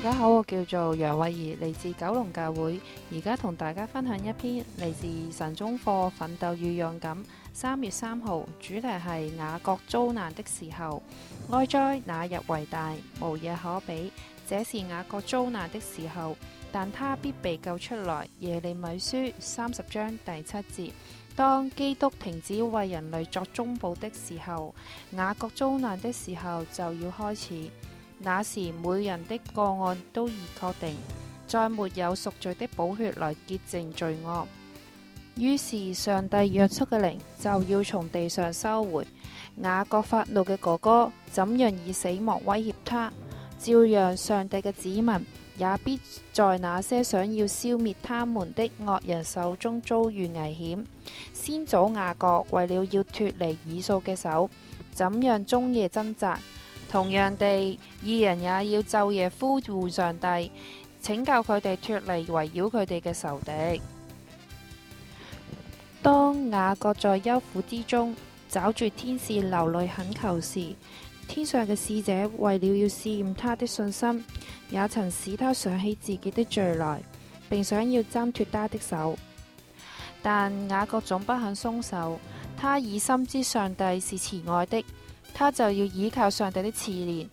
大家好，我叫做楊慧怡，嚟自九龍教會，而家同大家分享一篇嚟自神宗課《奮鬥與勇敢》，三月三號，主題係雅各遭難的時候。哀哉那日為大，無嘢可比，這是雅各遭難的時候，但他必被救出來。耶利米書三十章第七節，當基督停止為人類作中保的時候，雅各遭難的時候就要開始。那時每人的個案都已確定，再沒有贖罪的補血來結淨罪惡。於是上帝約束嘅靈就要從地上收回。雅各發怒嘅哥哥，怎樣以死亡威脅他？照樣上帝嘅子民也必在那些想要消滅他們的惡人手中遭遇危險。先祖雅各為了要脱離以掃嘅手，怎樣終夜掙扎？同樣地，義人也要晝夜呼喚上帝，拯救佢哋脱離圍繞佢哋嘅仇敵。當雅各在憂苦之中抓住天使流淚懇求時，天上嘅使者為了要試驗他的信心，也曾使他想起自己的罪來，並想要掙脱他的手，但雅各總不肯鬆手。他已深知上帝是慈愛的，他就要倚靠上帝的慈憐。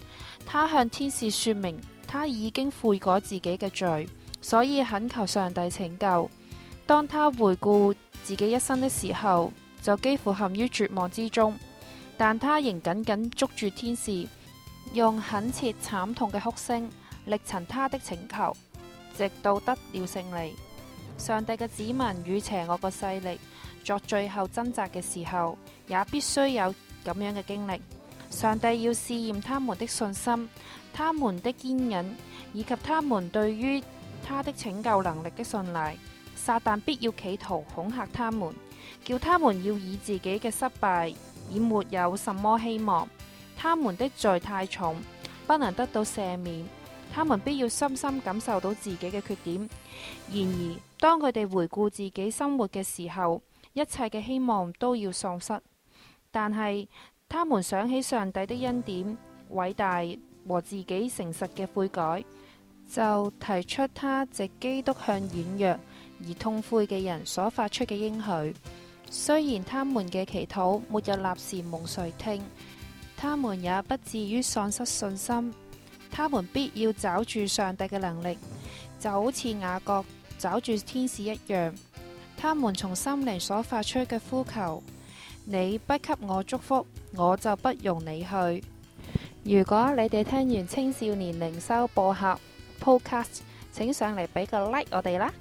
他向天使說明他已經悔改自己嘅罪，所以懇求上帝拯救。當他回顧自己一生的時候，就幾乎陷於絕望之中，但他仍緊緊捉住天使，用懇切慘痛嘅哭聲力陳他的請求，直到得了勝利。上帝嘅子民與邪惡嘅勢力，作最後掙扎嘅時候，也必須有咁樣嘅經歷。上帝要試驗他們的信心、他們的堅忍以及他們對於他的拯救能力嘅信賴。撒旦必要企圖恐嚇他們，叫他們要以自己嘅失敗以沒有什麼希望。他們的罪太重，不能得到赦免。他們必要深深感受到自己嘅缺點。然而，當佢哋回顧自己生活嘅時候，一切嘅希望都要喪失，但係他們想起上帝的恩典、偉大和自己誠實嘅悔改，就提出他藉基督向軟弱而痛悔嘅人所發出嘅應許。雖然他們嘅祈禱沒有立時蒙垂聽，他們也不至於喪失信心。他們必要找住上帝嘅能力，就好似雅各找住天使一樣。他們從心靈所發出嘅呼求，你不給我祝福，我就不容你去。如果你哋聽完青少年靈修播客 Podcast，請上嚟俾個 like 我哋啦。